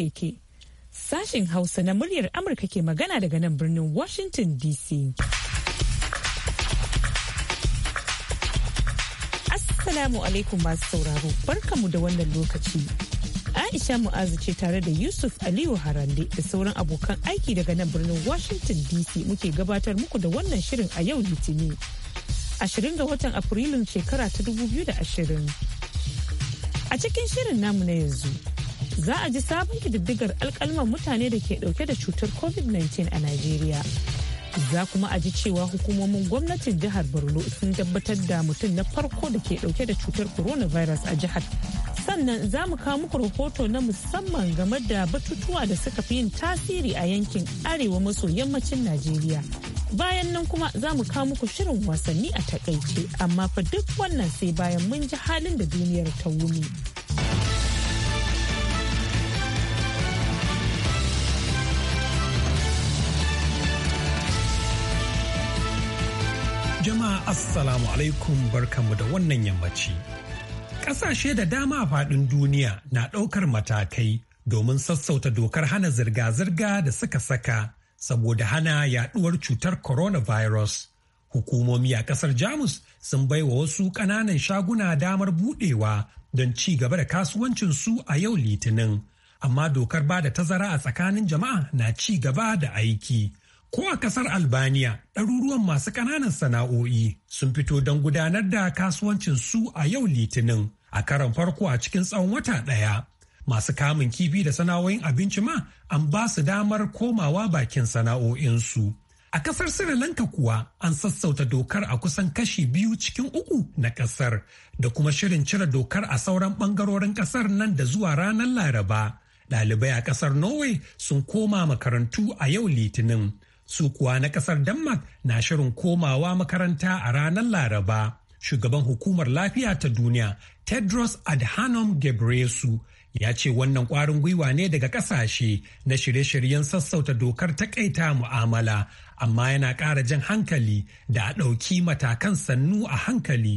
haka Sashen Hausa na muryar Amurka ke magana daga nan birnin Washington DC. Assalamu alaikum masu sauraro, barkamu da wannan lokaci. Aisha Mu'azu ce tare da Yusuf Aliyu Harande da sauran abokan aiki daga nan birnin Washington DC muke gabatar muku da wannan shirin a yau litini Ashirin ga watan Afrilun shekara ta 2020. A cikin shirin namu na yanzu, za a ji sabon kididdigar alkalman mutane da ke dauke da cutar covid-19 a najeriya za kuma a ji cewa hukumomin gwamnatin jihar borno sun tabbatar da mutum na farko da ke dauke da cutar coronavirus a jihar sannan za mu kawo muku rahoto na musamman game da batutuwa da suka fi yin tasiri a yankin arewa maso yammacin najeriya bayan nan kuma za mu kawo muku shirin wasanni a takaice amma fa duk wannan sai bayan mun ji halin da duniyar ta wuni. Assalamu alaikum barkanmu da wannan yammaci. Ƙasashe da dama a faɗin duniya na ɗaukar matakai domin sassauta dokar hana zirga-zirga da suka saka saboda hana yaɗuwar cutar coronavirus. Hukumomi a ƙasar Jamus sun baiwa wasu ƙananan shaguna damar buɗewa don ci gaba da kasuwancinsu a yau Litinin. Amma dokar ba da tazara a tsakanin jama'a na ci gaba da aiki. Ko a kasar Albaniya, ɗaruruwan masu ƙananan sana'o'i sun fito don gudanar da kasuwancin su a yau Litinin a karon farko a cikin tsawon wata ɗaya. Masu kamun kifi da sana'o'in abinci ma an ba su damar komawa bakin sana'o'insu. A kasar Sri Lanka kuwa an sassauta dokar a kusan kashi biyu cikin uku na kasar da kuma shirin cire dokar a sauran bangarorin kasar nan da zuwa ranar Laraba. Ɗalibai a kasar Norway sun koma makarantu a yau Litinin. su kuwa na kasar denmark na shirin komawa makaranta a ranar laraba shugaban hukumar lafiya ta duniya tedros adhanom Ghebreyesu ya ce wannan kwarin gwiwa ne daga kasashe na shirye-shiryen sassauta dokar takaita mu'amala amma yana ƙara jan hankali da a ɗauki matakan sannu a hankali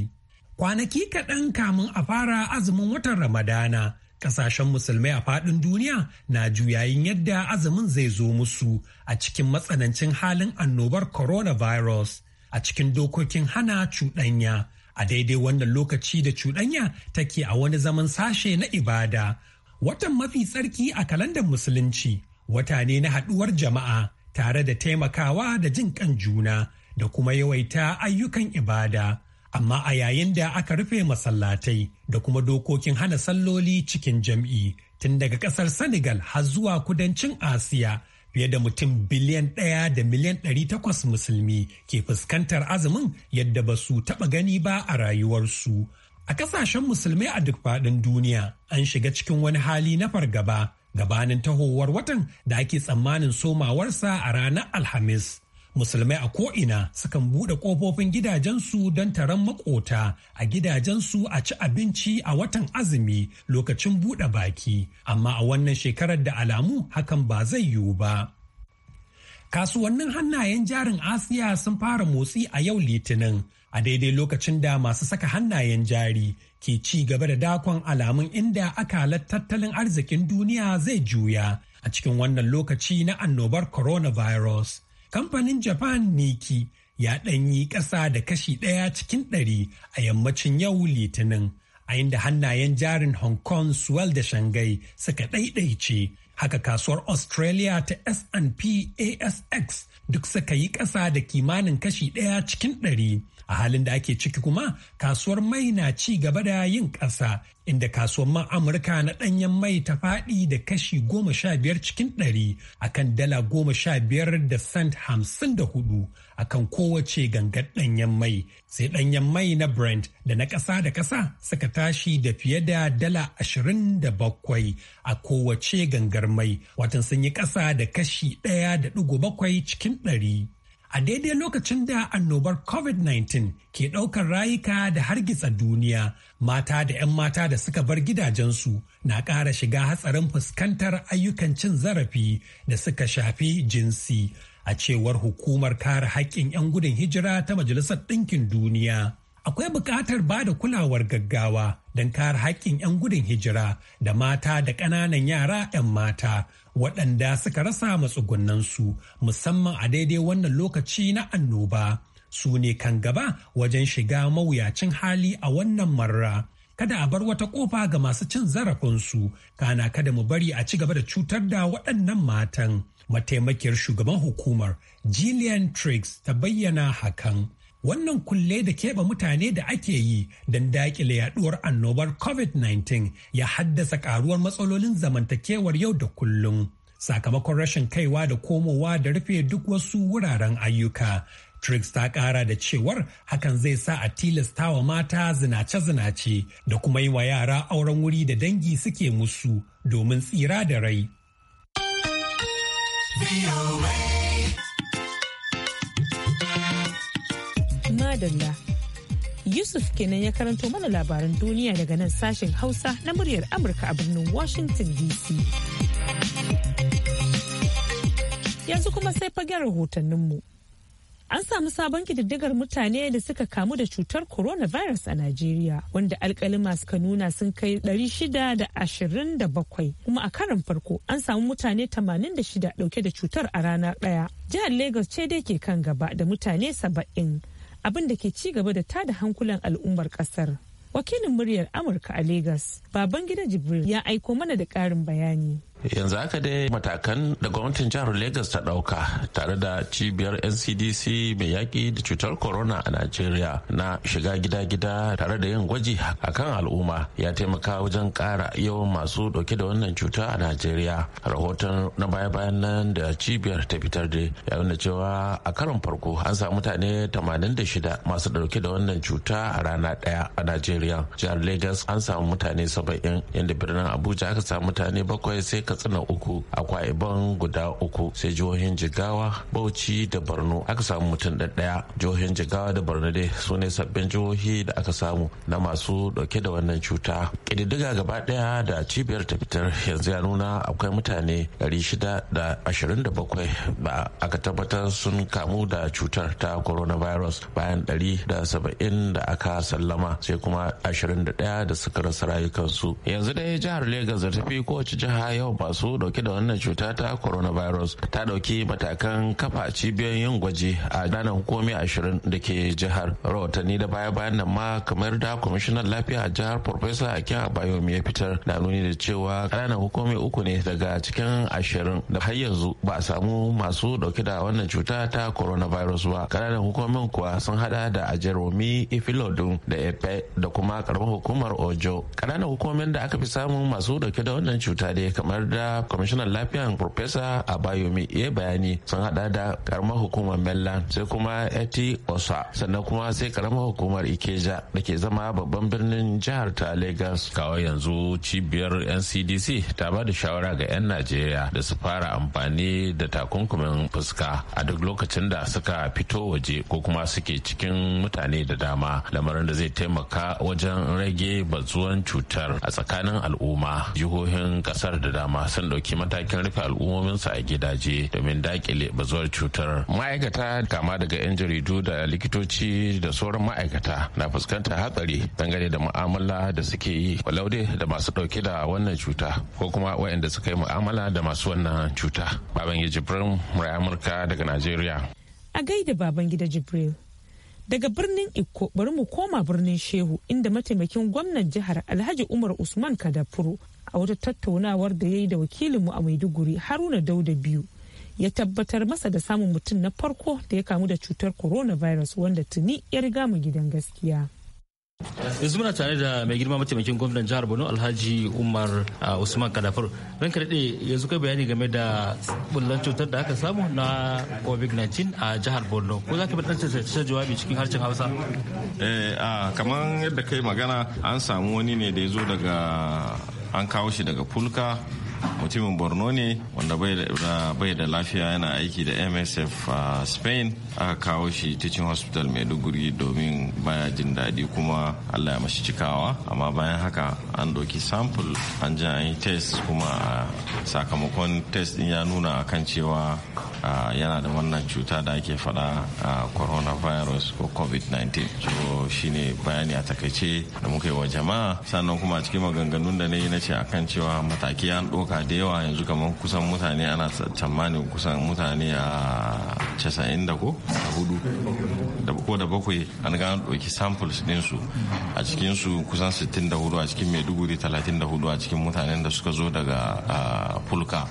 kwanaki kaɗan kamun a fara azumin watan ramadana Kasashen musulmai a faɗin duniya na juyayin yadda azumin zai zo musu a cikin matsanancin halin annobar coronavirus a cikin dokokin hana cuɗanya a daidai wannan lokaci da cuɗanya take a wani zaman sashe na ibada. Watan mafi tsarki a kalandar musulunci wata ne na haɗuwar jama'a tare da taimakawa da jin kan juna da kuma yawaita ayyukan ibada. amma a yayin da aka rufe masallatai da kuma dokokin hana salloli cikin jam'i tun daga kasar senegal har zuwa kudancin asiya fiye da mutum biliyan ɗaya da miliyan ɗari takwas musulmi ke fuskantar azumin yadda ba su taɓa gani ba a rayuwarsu a ƙasashen musulmai a duk faɗin duniya an shiga cikin wani hali na fargaba gabanin tahowar watan da ake tsammanin somawarsa a ranar alhamis musulmai a ko'ina sukan buɗe ƙofofin gidajensu don taron makota a gidajensu a ci abinci a watan azumi lokacin buɗe baki amma a wannan shekarar da alamu hakan ba zai yiwu ba kasuwannin hannayen jarin asiya sun fara motsi a yau litinin a daidai lokacin da masu saka hannayen jari ke ci gaba da dakon alamun inda akalar tattalin arzikin duniya zai juya a cikin wannan lokaci na annobar coronavirus kamfanin Japan Niki ya ɗanyi ƙasa da kashi ɗaya cikin ɗari a yammacin yau Litinin, a inda hannayen jarin Hong Kong, Swell da Shanghai suka ɗaiɗaice. Haka kasuwar Australia ta S&P ASX duk suka yi ƙasa da kimanin kashi ɗaya cikin ɗari. a halin da ake ciki kuma kasuwar mai na ci gaba da yin ƙasa inda kasuwar man amurka na ɗanyen mai ta faɗi da kashi goma sha biyar cikin ɗari akan dala goma sha biyar da cent hamsin da hudu akan kowace gangar ɗanyen mai sai ɗanyen mai na brent da na ƙasa da ƙasa suka tashi da fiye da dala ashirin da bakwai a kowace gangar mai watan sun yi ƙasa da kashi ɗaya da ɗigo bakwai cikin ɗari a daidai lokacin da annobar covid-19 ke ɗaukar rayuka da hargitsa duniya mata da 'yan mata da suka bar gidajensu na ƙara shiga hatsarin fuskantar ayyukan cin zarafi da suka shafi jinsi a cewar hukumar kare haƙƙin 'yan gudun hijira ta majalisar ɗinkin duniya akwai buƙatar ba da kulawar gaggawa don kare haƙƙin 'yan gudun hijira da mata da ƙananan yara 'yan mata waɗanda suka rasa matsugunansu musamman a daidai wannan lokaci na annoba su ne kan gaba wajen shiga mawuyacin hali a wannan marra. kada a bar wata ƙofa ga masu cin zarafinsu kana kada mu bari a ci gaba da cutar da waɗannan matan mataimakiyar shugaban hukumar jillian triggs ta bayyana hakan wannan kulle da keɓe mutane da ake yi don daƙile yaɗuwar annobar covid-19 ya haddasa ƙaruwar matsalolin zamantakewar yau da kullum sakamakon rashin kaiwa da komowa da rufe duk wasu wuraren ayyuka Trix ta ƙara da cewar hakan zai sa a tilasta wa mata zinace-zinace da kuma yi wa yara auren wuri da dangi suke musu domin tsira da rai. Dalla. Yusuf kenan ya karanto mana labaran duniya daga nan sashen Hausa na muryar Amurka a birnin Washington DC. Yanzu kuma sai fagen rahotanninmu. An samu sabon kididdigar mutane da suka kamu da cutar coronavirus a Najeriya wanda alkalima suka nuna sun kai 627 kuma a karin farko an samu mutane 86 dauke da cutar a rana daya. Jihar Lagos ce dai ke kan gaba da mutane 70. abin da ke ci gaba da tada hankulan al'ummar kasar. Wakilin muryar Amurka a Legas, baban gida Jibril ya aiko mana da ƙarin bayani. yanzu haka dai matakan da gwamnatin jihar lagos ta dauka tare da cibiyar ncdc mai yaƙi da cutar corona a najeriya na shiga gida-gida tare da yin gwaji a kan al'umma ya taimaka wajen ƙara yawan masu ɗauke da wannan cuta a najeriya rahoton na baya-bayan nan da cibiyar ta fitar da ya nuna cewa a karon farko an samu mutane 86 masu ɗauke da wannan cuta a rana ɗaya a najeriya jihar lagos an samu mutane 70 yadda birnin abuja aka samu mutane bakwai sai ka katsina uku a kwaiban guda uku sai jihohin jigawa bauchi da borno aka samu mutum ɗaya jihohin jigawa da borno dai su ne sabbin jihohi da aka samu na masu ɗauke da wannan cuta ƙididdiga gaba ɗaya da cibiyar ta fitar yanzu ya nuna akwai mutane 627 ba aka tabbatar sun kamu da cutar ta coronavirus bayan 170 da aka sallama sai kuma 21 da suka rasa rayukansu yanzu dai jihar Legas da tafi kowace jiha yau? masu dauke da wannan cuta ta coronavirus ta dauki matakan kafa cibiyoyin yin gwaji a danan hukumi ashirin da ke jihar rahotanni da baya bayan nan ma kamar da kwamishinan lafiya a jihar farfesa akin abayo ya fitar da nuni da cewa kananan hukumi uku ne daga cikin ashirin da har yanzu ba a samu masu dauke da wannan cuta ta coronavirus ba ƙananan hukumin kuwa sun hada da ajeromi ifilodun da epe da kuma karamar hukumar ojo Kananan hukumin da aka fi samun masu dauke da wannan cuta dai kamar da kwamishinan lafiyar profesa abayomi ya bayani sun hada da karamar hukumar mellan sai kuma eti osa sannan kuma sai karamar hukumar ikeja da ke zama babban birnin jihar ta lagos kawai yanzu cibiyar ncdc ta ba da shawara ga 'yan najeriya da su fara amfani da takunkumin fuska a duk lokacin da suka fito waje ko kuma suke cikin mutane da dama lamarin da zai taimaka wajen rage bazuwan cutar a tsakanin al'umma jihohin kasar da dama dama sun ɗauki matakin rufe al'ummominsu a gidaje domin dakile bazuwar cutar ma'aikata kama daga 'yan jaridu da likitoci da sauran ma'aikata na fuskantar hatsari dangane da mu'amala da suke yi walau da masu ɗauke da wannan cuta ko kuma waɗanda suka yi mu'amala da masu wannan cuta Babangida Jibril amurka daga najeriya a gaida Babangida jibril Daga birnin Ikko bari mu koma birnin Shehu inda mataimakin gwamnan jihar Alhaji Umar Usman Kadafuru a wata tattaunawar da ya yi da wakilinmu a Maiduguri Haruna Dauda biyu ya tabbatar masa da samun mutum na farko da ya kamu da cutar coronavirus wanda tuni ya riga mu gidan gaskiya. yanzu muna tare da mai girma mataimakin gwamnan jihar borno alhaji umar usman kadafur ran karɗe yanzu kai bayani game da bullan cutar da aka samu na covid-19 a jihar borno ko za ka bada ta jawabi cikin harshen hausa eh, a kamar yadda kai magana an samu wani ne da ya zo daga an kawo shi daga fulka mutumin borno ne wanda bai da lafiya yana aiki da msf a spain aka kawo shi teaching hospital maiduguri domin baya jin daɗi kuma allah ya mashi cikawa amma bayan haka an ɗauki sample an ji an yi test kuma sakamakon test ɗin ya nuna a kan cewa yana da wannan cuta da ake faɗa coronavirus ko covid-19 so shine bayani a takaice da muka yi wa jama'a sannan kuma cikin maganganun da na yi na ce akan cewa mataki an ɗauka ɗauka da yawa yanzu kamar kusan mutane ana tsammanin kusan mutane a casa'in da ko a hudu da ko da bakwai an gano ɗauki samples ɗinsu a cikinsu kusan 64 a cikin maiduguri 34 a cikin mutanen da suka zo daga fulka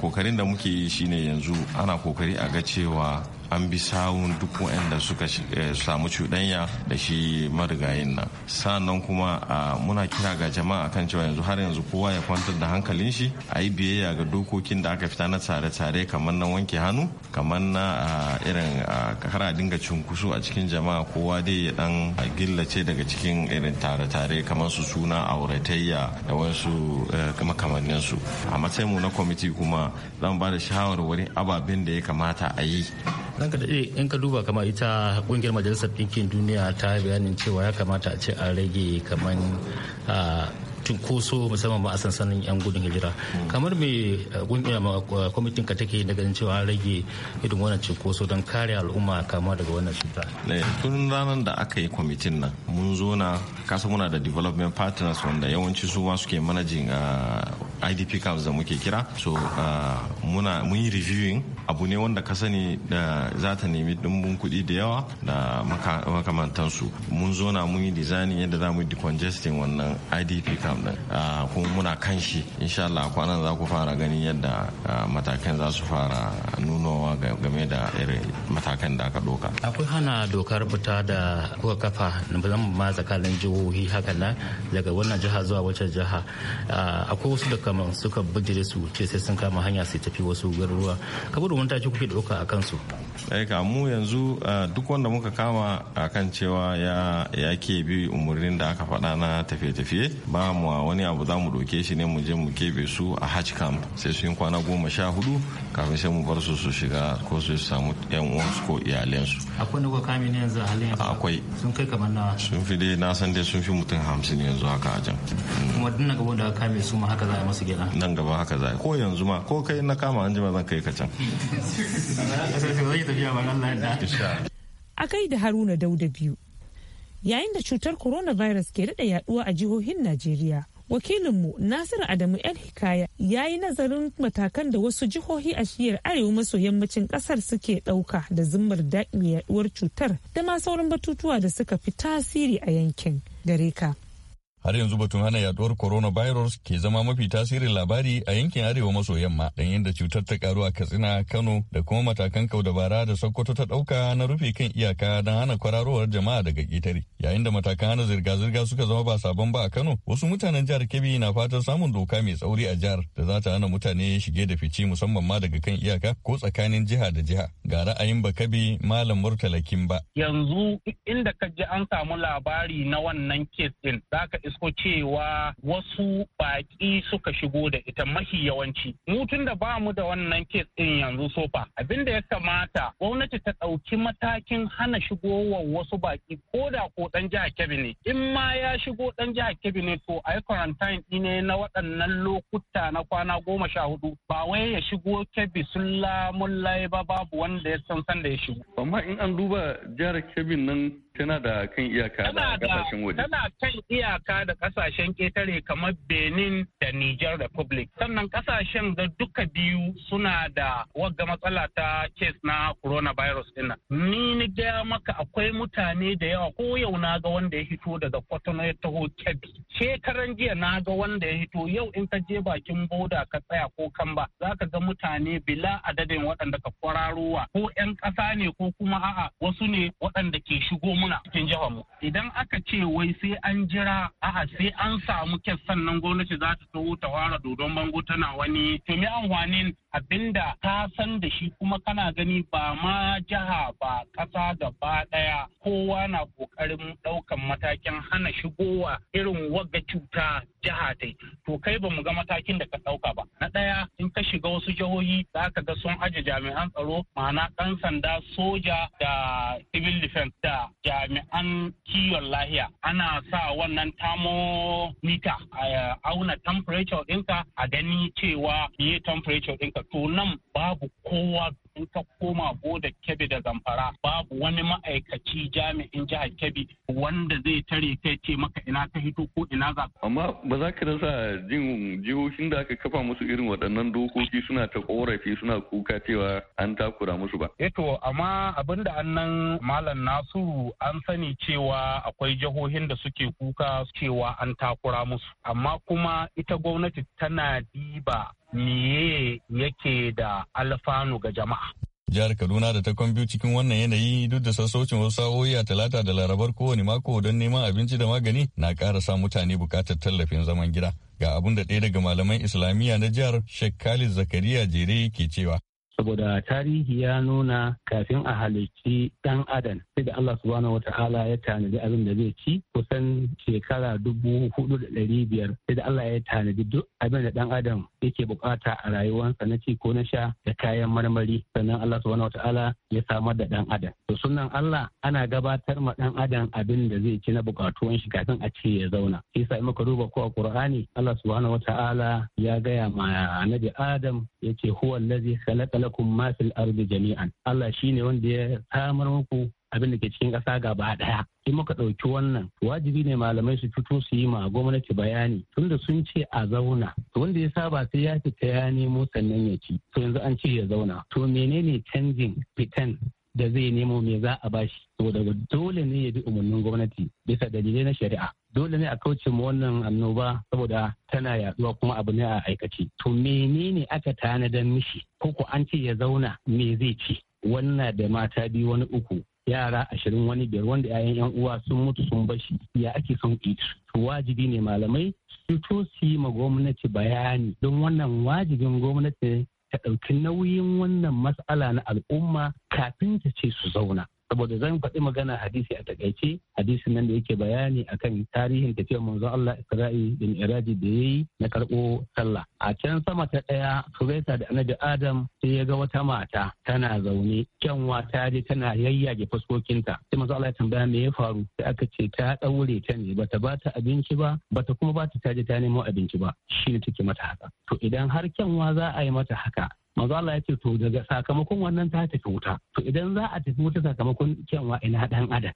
kokarin da muke yi shine yanzu ana kokari a ga cewa an bi sawun duk waɗanda suka eh, samu cuɗanya da shi marigayin nan sannan kuma muna kira ga jama'a kan cewa yanzu har yanzu kowa ya kwantar da hankalin shi a yi biyayya ga dokokin da aka fita na tsare-tsare kamar na wanke hannu kamar na irin kar dinga cunkusu a cikin jama'a kowa dai ya dan gillace daga cikin irin tare-tare kamar su suna auratayya da wasu eh, makamannin su a matsayin mu na kwamiti kuma zan ba da shawarwarin ababen da ya kamata a yi ranka da in ka duba kamar ita ƙungiyar majalisar ɗinkin duniya ta bayanin cewa ya kamata a ce a rage kamar cunkoso musamman ma a sansanin 'yan gudun hijira kamar mai ma kwamitin ka take da ganin cewa rage irin wannan cunkoso don kare al'umma kama daga wannan cuta tun ranar da aka yi kwamitin nan mun zo na kasa muna da development partners wanda yawanci su ma suke manajin idp camps da muke kira so uh, muna mun yi reviewing abu ne wanda ka sani da za ta nemi dimbin kuɗi da yawa da makamantansu mun zo na mun yi designing yadda za mu decongesting wannan idp camp din uh, kuma muna kan shi insha Allah kwanan za ku fara gani yadda uh, matakan za su fara nunowa game da irin matakan da aka doka akwai hana dokar fita da kuka kafa musamman ma tsakanin jihohi haka na daga wannan jiha zuwa wacce jiha akwai wasu daga kama suka bijire su ce sai sun kama hanya sai tafi wasu garuruwa kamar da mataki kuke dauka a kansu aika eh, mu yanzu eh, duk wanda muka kama a kan cewa ya ya ke bi umarnin da aka faɗa na tafiye-tafiye ba mu wani abu za mu doke shi ne mu je mu kebe su a hajj camp sai su yi kwana goma sha hudu kafin sai mu bar su su shiga ko su samu yan uwansu ko iyalensu akwai nuka kami ne yanzu a halin yanzu akwai sun kai kamar na sun fi dai na san dai sun fi mutum hamsin yanzu haka a can kuma duk na gaban da aka kame su ma haka za a masa su gida nan gaba haka za ko yanzu ma ko kai na kama an zan kai ka can a kai da haruna dauda biyu yayin da cutar coronavirus ke daɗa yaduwa a jihohin najeriya wakilinmu nasiru adamu el hikaya ya yi nazarin matakan da wasu jihohi a shiyar arewa maso yammacin kasar suke ɗauka da zimmar daɗin yaduwar cutar da ma sauran batutuwa da suka fi tasiri a yankin gare ka har yanzu batun hana yaduwar coronavirus ke zama mafi tasirin labari a yankin arewa maso yamma don yadda cutar ta karu a katsina kano da kuma matakan kau dabara da sokoto ta dauka na rufe kan iyaka don hana kwararowar jama'a daga ƙetare yayin da matakan hana zirga-zirga suka zama ba sabon ba a kano wasu mutanen jihar kebbi na fatan samun doka mai tsauri a jihar da za ta hana mutane shige da fice musamman ma daga kan iyaka ko tsakanin jiha da jiha ga ra'ayin bakabi malam murtala ba. yanzu inda ka ji an samu labari na wannan kes din zaka isko cewa wasu baƙi suka shigo da ita mafi yawanci. Mu da ba mu da wannan kes ɗin yanzu sofa abin da ya kamata gwamnati ta ɗauki matakin hana shigowar wasu baƙi ko da ko ɗan jihar Kebbi In ma ya shigo ɗan jihar Kebbi ne to a yi quarantine ne na waɗannan lokuta na kwana goma sha hudu ba wai ya shigo Kebbi sun lamun ba babu wanda ya san san ya shigo. Amma in an duba jihar Kebbi nan tana da kan iyaka da kasashen waje tana kan iyaka da kasashen ketare kamar benin da niger republic sannan kasashen da duka biyu suna da wagga matsala ta kes na coronavirus dinnan ni ni gaya maka akwai mutane da yawa ko yau na ga wanda ya hito daga kwatano ya taho kebi. shekaran jiya na ga wanda ya hito yau in ka je bakin boda ka tsaya ko kamba za ka ga mutane bila adadin waɗanda ka kwararowa ko 'yan ƙasa ne ko kuma a'a wasu ne waɗanda ke shigo mun cikin jihar mu idan aka ce wai sai an jira a'a sai an samu kes sannan gwamnati za ta taho ta ware dodon bango tana wani to me amfanin abinda ka san da shi kuma kana gani ba ma jiha ba kasa gaba ɗaya kowa na ƙoƙarin ɗaukan matakin hana shigowa irin wagga cuta jiha ta yi. to kai ba mu ga matakin da ka ɗauka ba na ɗaya in ka shiga wasu jihohi za ka ga sun aje jami'an tsaro ma'ana ɗan sanda soja da civil defense da jami'an kiwon lahiya ana sa wannan tamo mita a auna temperature ɗinka a gani cewa me temperature ɗinka to nan babu kowa in ta koma boda kebi da zamfara babu wani ma'aikaci jami'in jihar kebi wanda zai tare kai ce maka ina ka hito ko ina za amma ba za ka rasa jin jihohin da aka kafa musu irin waɗannan dokoki suna ta korafi suna kuka cewa an takura musu ba eto eh amma abin da annan malam nasu an sani cewa akwai jihohin da suke kuka cewa an takura musu amma kuma ita gwamnati tana diba miye yake da alfanu ga jama'a. Jihar Kaduna da ta kwambiyo cikin wannan yanayi duk da sassaucin wasu sa'o'i a talata da larabar kowane mako don neman abinci da magani na kara sa mutane bukatar tallafin zaman gida. Ga abin da ɗaya daga malaman Islamiyya na jihar Sheikh Khalid Zakariya Jere ke cewa. saboda tarihi ya nuna kafin a halicci dan adam sai da Allah subhanahu wata'ala ya tanadi abin da zai ci kusan shekara dubu hudu da ɗari biyar sai da Allah ya tanadi duk abin da dan adam yake bukata a rayuwarsa na ci ko na sha da kayan marmari sannan Allah subhanahu wata'ala ya samar da dan adam to sunan Allah ana gabatar ma dan adam abin da zai ci na bukatuwan shi kafin a ce ya zauna shi yasa muka duba ko a Qur'ani Allah subhanahu wata'ala ya gaya ma annabi Adam yace huwa allazi khalaqa lakum ma fil ardi jami'an Allah shine wanda ya samar muku abin da ke cikin ƙasa gaba ɗaya in muka ɗauki wannan wajibi ne malamai su fito su yi ma gwamnati bayani tunda sun ce a zauna wanda ya saba sai ya fita ya nemo sannan ya ci to yanzu an ce ya zauna to menene canjin fitan da zai nemo me za a bashi saboda dole ne ya bi umarnin gwamnati bisa dalilai na shari'a dole ne a kauce mu wannan annoba saboda tana yaduwa kuma abu ne a aikace to menene aka tanadan mishi ko ko an ce ya zauna me zai ci wannan da mata biyu wani uku yara ashirin wani biyar wanda 'ya'yan 'yan uwa sun mutu sun bashi ya ake son it wajibi ne malamai su to su yi ma gwamnati bayani don wannan wajibin gwamnati ta ɗauki nauyin wannan matsala na al'umma kafin ta ce su zauna saboda zan faɗi magana hadisi a takaice Hadisi nan da yake bayani akan tarihin tafiyar manzo Allah Isra'i da Miraji da yayi na karɓo sallah a can sama ta ɗaya Subaita da Annabi Adam sai ya ga wata mata tana zaune kyanwa ta je tana yayyage fuskokinta sai manzo Allah ya tambaya me ya faru sai aka ce ta ɗaure ta ne bata ba ta abinci ba bata kuma ba ta je ta nemo abinci ba shi ne take mata haka to idan har kyanwa za a yi mata haka manzo Allah ya ce to daga sakamakon wannan ta tafi wuta to idan za a tafi wuta sakamakon kyanwa ina dan adam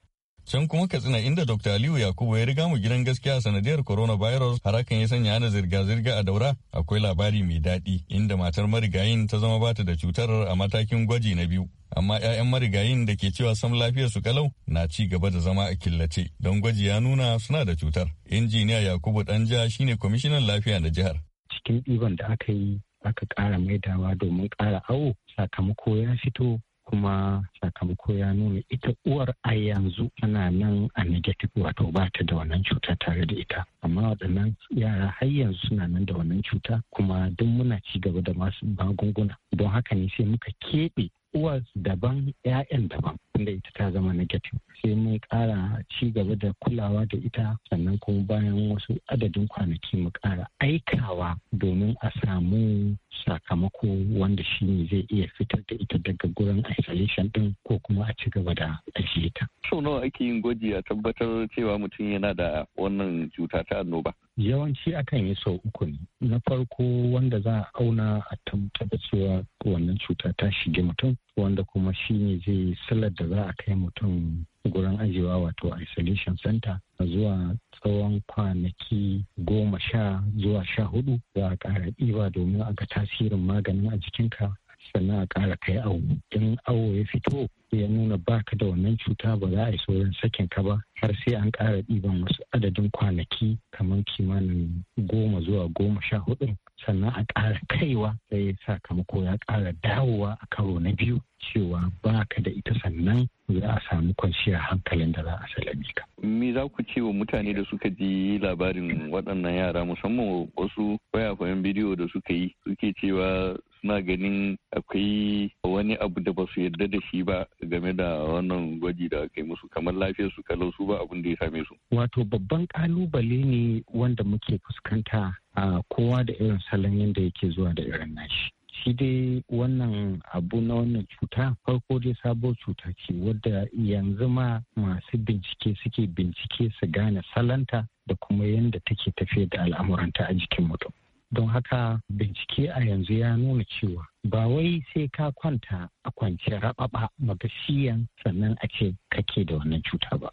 can kuma katsina inda dr aliyu yakubu ya riga mu gidan gaskiya sanadiyar coronavirus har hakan ya sanya ana zirga-zirga a daura akwai labari mai daɗi inda matar marigayin ta zama bata da cutar a matakin gwaji na biyu amma 'ya'yan marigayin da ke cewa sam lafiyar su kalau na ci gaba da zama a killace don gwaji ya nuna suna da cutar injiniya yakubu danja shine kwamishinan lafiya na jihar cikin ɗiban da aka yi aka ƙara maidawa domin ƙara awo sakamako ya fito kuma sakamako ya nuna ita uwar a yanzu tana nan a negative wato ba ta da wannan cuta tare da ita amma waɗannan yara har yanzu suna nan da wannan cuta kuma duk muna ci gaba da masu magunguna don haka ne sai muka keɓe uwar daban 'ya'yan daban tunda ita ta zama negative sai mun kara ci gaba da kulawa da ita sannan kuma bayan wasu adadin kwanaki mu kara aikawa domin a samu sakamako wanda shi ne zai iya fitar da ita daga gurin isolation din ko kuma a ci gaba da ajiye ta. Sau nawa ake yin gwaji a tabbatar cewa mutum yana da wannan cuta ta annoba? Yawanci akan yi sau uku ne. Na farko wanda za a auna a tabbatar cewa wannan cuta ta shige mutum wanda kuma shi ne zai silar da za a kai mutum gurin ajiyewa wato isolation center zuwa tsawon kwanaki goma sha zuwa sha hudu za a ƙara ɗiba domin a ga tasirin maganin a jikinka sannan a ƙara kai awo in awo ya fito ya nuna baka da wannan cuta ba za a yi saurin sakin ka ba har sai an ƙara ɗiban wasu adadin kwanaki kamar kimanin goma zuwa goma sha hudu sannan a ƙara kaiwa sai sakamako ya ƙara dawowa a karo na biyu cewa baka da ita sannan za a samu kwanciyar hankalin da za a salami ka. Me za ku ce wa mutane da suka ji labarin waɗannan yara musamman wasu wayafayen bidiyo da suka yi suke cewa suna ganin akwai wani abu da ba su yarda da shi ba game da wannan gwaji da aka yi musu kamar lafiyar su kalau su ba abin da ya same su. Wato babban ƙalubale ne wanda muke fuskanta a kowa da irin salon yadda yake zuwa da irin nashi. shi dai wannan abu na wannan cuta farko dai sabo cuta ce wadda yanzu ma masu bincike suke bincike su gane salanta da kuma yadda take tafiya da al'amuranta a jikin mutum don haka bincike a yanzu ya nuna cewa ba wai sai ka kwanta a kwance rababa magashiyan sannan a ce kake da wannan cuta ba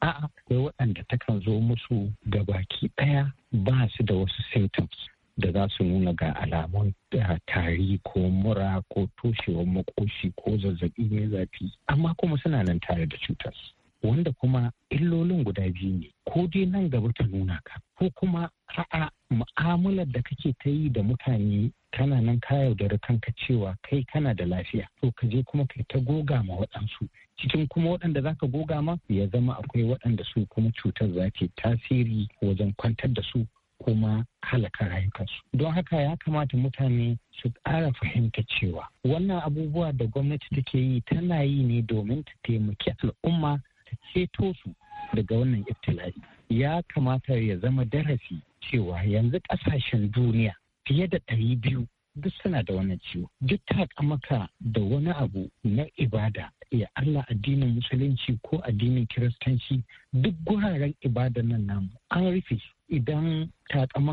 a'a akwai waɗanda takan zo musu ga baki ɗaya ba su da wasu symptoms da za su nuna ga alamun da eh, tari ko mura ko toshewar makoshi ko zazzabi mai zafi amma kuma suna nan tare da cutar wanda kuma illolin guda biyu ne ko dai nan gaba ta nuna ka ko kuma a'a mu'amalar da kake ta yi da mutane kana nan ka yaudara kanka cewa kai kana da lafiya to ka je kuma kai ta goga ma waɗansu cikin kuma waɗanda za ka goga ma ya zama akwai waɗanda su kuma cutar za ke tasiri wajen kwantar da su kuma halaka rayukansu don haka ya kamata mutane su ƙara fahimta cewa wannan abubuwa da gwamnati take yi tana yi ne domin ta taimaki al'umma ta ceto su daga wannan iftila'i ya kamata ya zama darasi cewa yanzu ƙasashen duniya fiye da ɗari biyu duk suna da wannan ciwo duk ta maka da wani abu na ibada ya Allah addinin musulunci ko addinin kiristanci duk guraren ibada nan namu an rufe su idan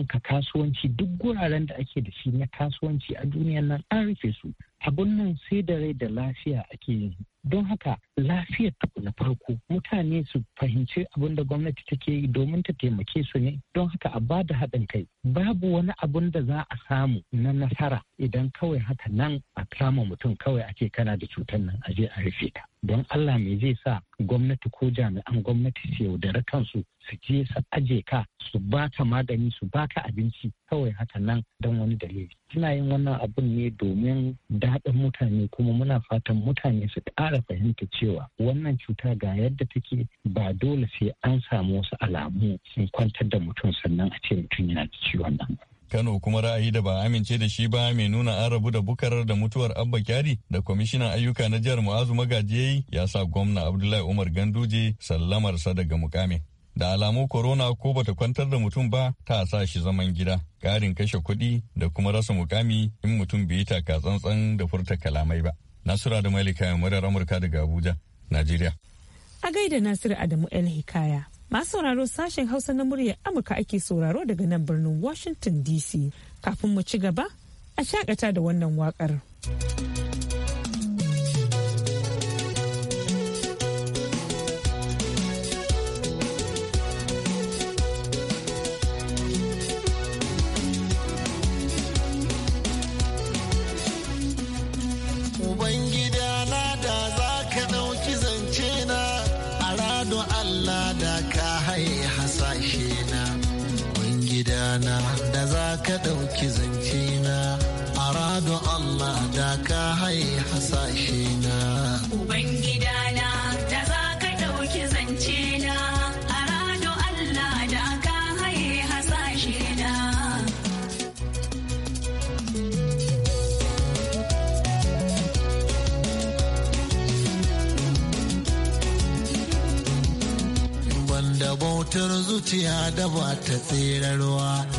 ka kasuwanci duk guraren da ake da shi na kasuwanci a duniya nan an rufe su abun nan sai da rai da lafiya ake yin don haka lafiyar na farko mutane su fahimci abin da gwamnati take yi domin ta taimake su ne don haka a ba da haɗin kai babu wani abin da za a samu na nasara idan kawai haka nan a kama mutum kawai ake kana da cutar nan aje a rufe ta don Allah me zai sa gwamnati ko jami'an gwamnati su yaudara kansu su je su aje ka su baka magani su baka abinci kawai haka nan don wani dalili suna yin wannan abun ne domin daɗin mutane kuma muna fatan mutane su ƙara fara fahimta cewa wannan cuta ga yadda take ba dole sai an samu wasu alamu sun kwantar da mutum sannan a ce mutum yana da ciwon nan. Kano kuma ra'ayi da ba amince da shi ba mai nuna an rabu da bukarar da mutuwar Abba Kyari da kwamishinan ayyuka na jihar Mu'azu Magaji ya sa gwamna Abdullahi Umar Ganduje sallamarsa daga mukamin. da alamu korona ko bata kwantar da mutum ba ta sa shi zaman gida karin kashe kuɗi da kuma rasa mukami in mutum bai yi taka tsantsan da furta kalamai ba. Nasura da Malika murar Amurka daga Abuja, Najeriya. A gaida Nasiru Adamu El Hikaya. Masu sauraro sashen Hausa na muryar Amurka ake sauraro daga nan birnin Washington DC. Kafin mu ci gaba, a shakata da wannan waƙar. ki zance na arado Allah da ka hai hasashe na ubangida na da za ka dauki zance na arado Allah da ka hai hasashe na banda bautar zuciya da ba ta tserarwa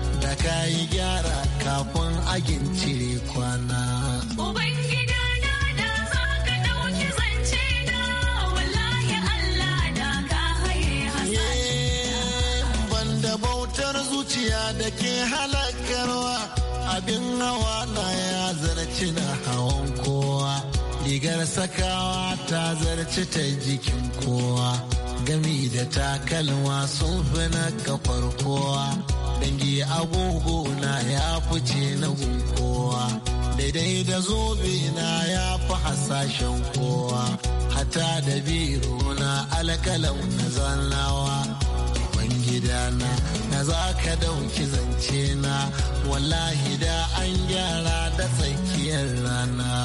da ka yi gyara kafin agin cire kwana. zuciya da ke halakarwa abin hawa na ya zarci na hawan kowa rigar sakawa ta zarci ta jikin kowa gami da takalma sun fi na kafar kowa dangi agogo na ya fice na kowa daidai da zobe na ya fi hasashen kowa hata da biro na alkalau na zannawa gidana na za ka dauki zance na wallahi da an gyara da tsakiyar rana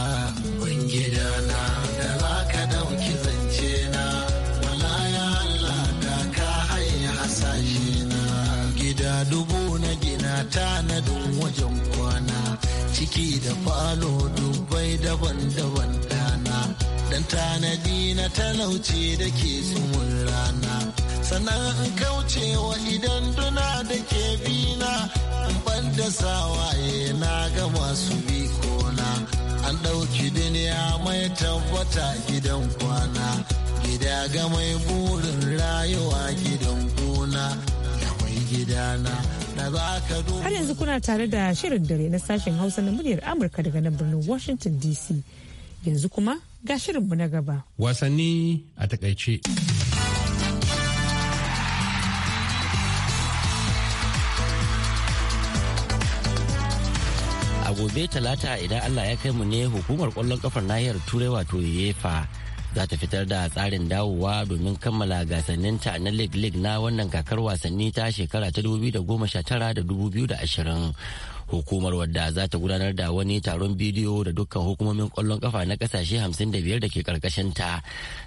tanadin wajen kwana ciki da falo dubbai daban-daban dana dan tanadi na talauci da ke tsumin rana sannan in kaucewa idan duna da ke bina na ban da sawaye na ga masu kona an ɗauki duniya mai tabbata gidan kwana gida ga mai burin rayuwa gidan gona da mai gidana. Har yanzu kuna tare da shirin dare na sashen Hausa na muryar Amurka daga nan birnin Washington DC. Yanzu kuma ga shirinmu na gaba. Wasanni a takaice. A gobe talata idan Allah ya kai mu ne hukumar kwallon kafar nahiyar Turai wato UEFA. za ta fitar da tsarin dawowa domin kammala gasannin ta na league league na wannan kakar wasanni ta shekara ta 2019 da 2020 hukumar wadda za ta gudanar da wani taron bidiyo da dukkan hukumomin kwallon kafa na kasashe 55 da ke ta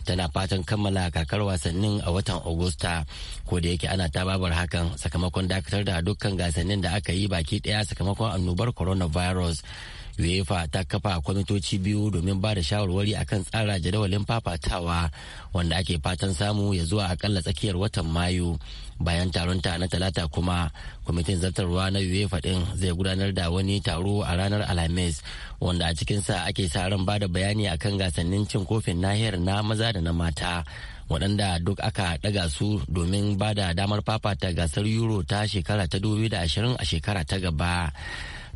tana fatan kammala kakar wasannin a watan agusta ko da yake ana tababar hakan sakamakon dakatar da dukkan gasannin da aka yi baki daya sakamakon annobar coronavirus uefa ta kafa kwamitoci biyu domin ba da shawarwari akan tsara jadawalin fafatawa wanda ake fatan samu ya zuwa akalla tsakiyar watan mayu bayan taron ta na talata kuma kwamitin zartarwa na uefa din zai gudanar da wani taro a ranar alhamis wanda a cikin sa ake sa ran ba da bayani akan gasannin cin kofin nahiyar na maza da na mata waɗanda duk aka ɗaga su domin ba da damar fafata gasar euro ta shekara ta 2020 a shekara ta gaba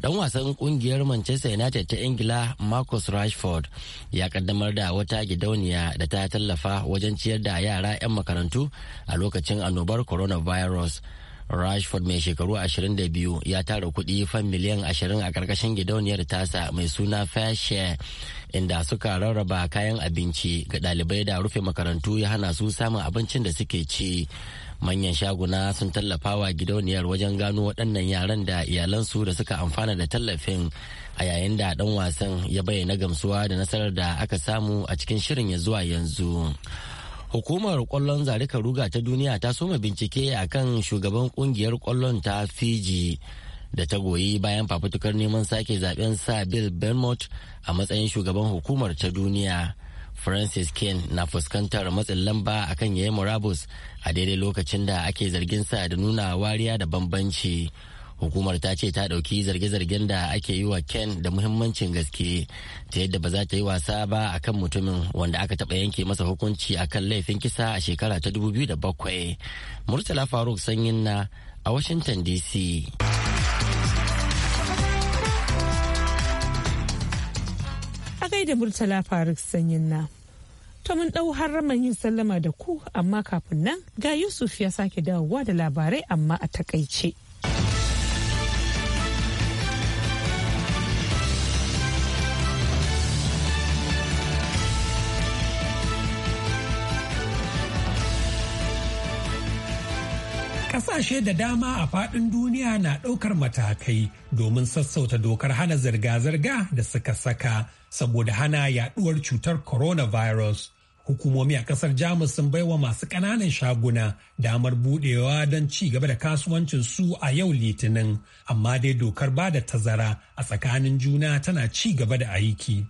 dan wasan kungiyar manchester united ta ingila marcus rashford ya kaddamar da wata gidauniya da ta tallafa wajen ciyar da yara 'yan makarantu a lokacin annobar coronavirus rashford mai shekaru 22 ya tara kudi fan miliyan 20 a karkashin gidauniyar tasa mai suna fair share inda suka rarraba kayan abinci ga ɗalibai da rufe makarantu ya hana su samun abincin da suke ci manyan shaguna sun tallafawa gidauniyar wajen gano waɗannan yaran da iyalansu da suka amfana da tallafin a yayin da ɗan wasan ya bayyana gamsuwa da nasarar da aka samu a cikin shirin ya zuwa yanzu hukumar kwallon zarika ruga ta duniya ta soma bincike a kan shugaban kungiyar kwallon ta fiji da ta goyi bayan fafutukar neman sake zaben sa bill belmont a matsayin shugaban hukumar ta duniya francis kane na fuskantar matsin lamba akan yayi murabus a daidai lokacin da ake zargin sa da nuna wariya da bambanci hukumar ta ce ta ɗauki zarge-zargen da ake yi wa ken da muhimmancin gaske ta yadda ba za ta yi wasa ba a kan mutumin wanda aka taba yanke masa hukunci a kan laifin kisa a shekara ta 2007 murtala faruk sanyin na a washington dc da Murtala Faruk Sanyin na. To mun har harraman yin sallama da ku amma kafin nan ga Yusuf ya sake dawowa da labarai amma a takaice. Ƙasashe da dama a faɗin duniya na ɗaukar matakai domin sassauta dokar hana zirga-zirga da suka saka saboda hana yaduwar cutar coronavirus. Hukumomi a kasar Jamus sun baiwa masu ƙananan shaguna damar budewa don ci gaba da kasuwancin su a yau litinin, amma dai dokar ba da tazara a tsakanin juna tana ci gaba da aiki.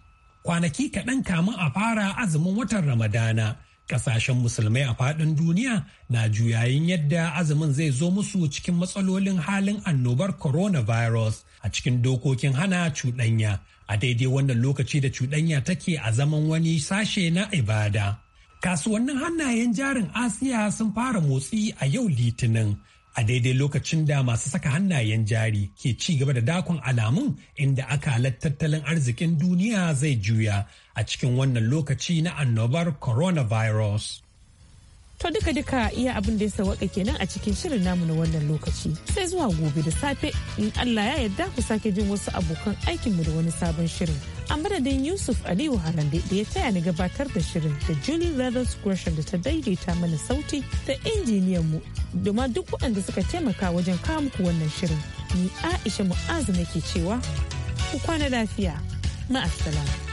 Kwanaki kaɗan kama a fara azumin watan Ramadana, ƙasashen musulmai a faɗin duniya na juyayin yadda azumin zai zo musu cikin matsalolin halin annobar coronavirus a cikin dokokin hana cuɗanya a daidai wannan lokaci da cuɗanya take a zaman wani sashe na ibada. Kasuwannin hannayen jarin Asiya sun fara motsi a yau Litinin. A daidai lokacin da masu saka hannayen jari ke ci gaba da dakon alamun inda aka halar tattalin arzikin duniya zai juya a cikin wannan lokaci na annobar coronavirus. To duka-duka iya abin da ya sawaka kenan a cikin shirin namu na wannan lokaci. Sai zuwa gobe da safe in Allah ya yarda ku sake jin wasu abokan aikinmu da wani sabon shirin. A madadin Yusuf Aliyu Harande da ya taya ni gabatar da shirin da Julie Leathers da ta daidaita mana sauti ta injiniyan mu domin duk waɗanda suka taimaka wajen kawo muku wannan shirin. Ni Aisha Mu'azu nake cewa ku kwana lafiya. Ma'asalama.